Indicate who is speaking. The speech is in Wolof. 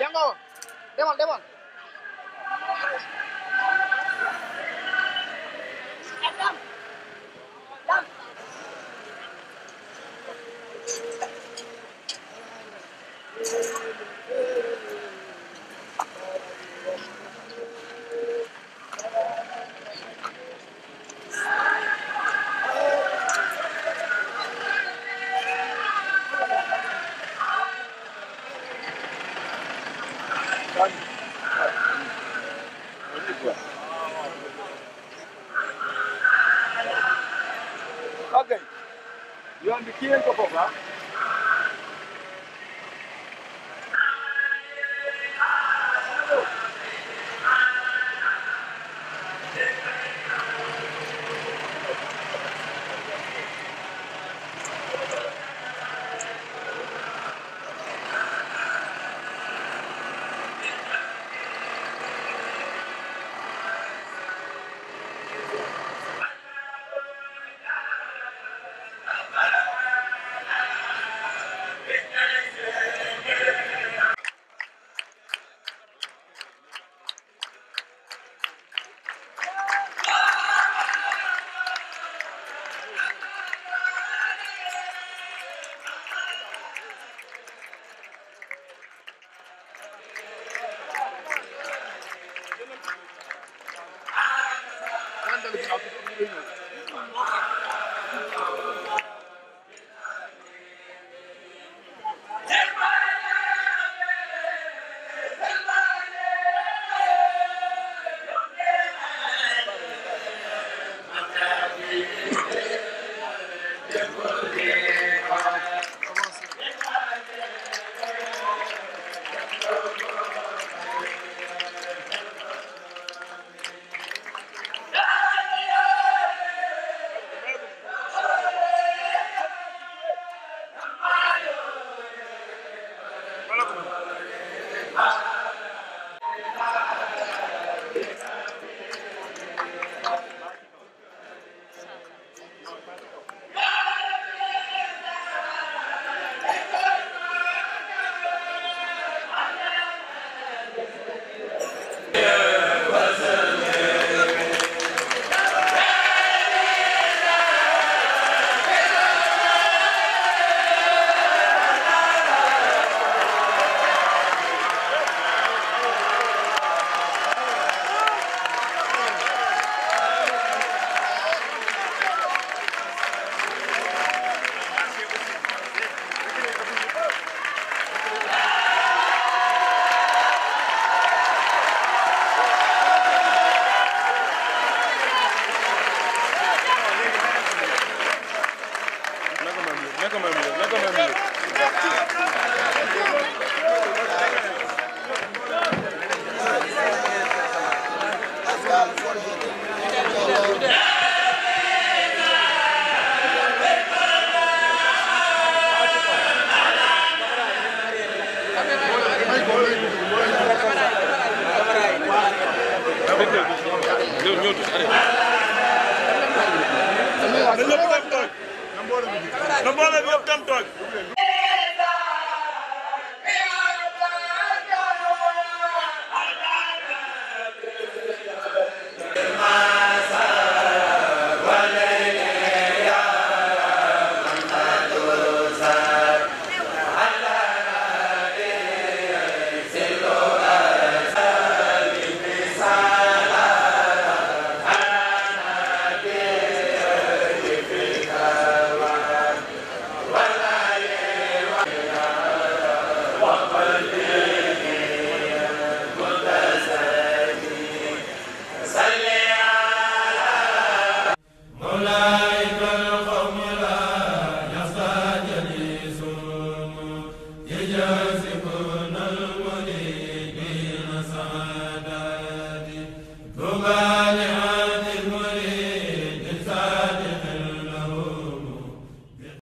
Speaker 1: Yang kau. Demon, demon. kii leen ko foofu ah. Yeah.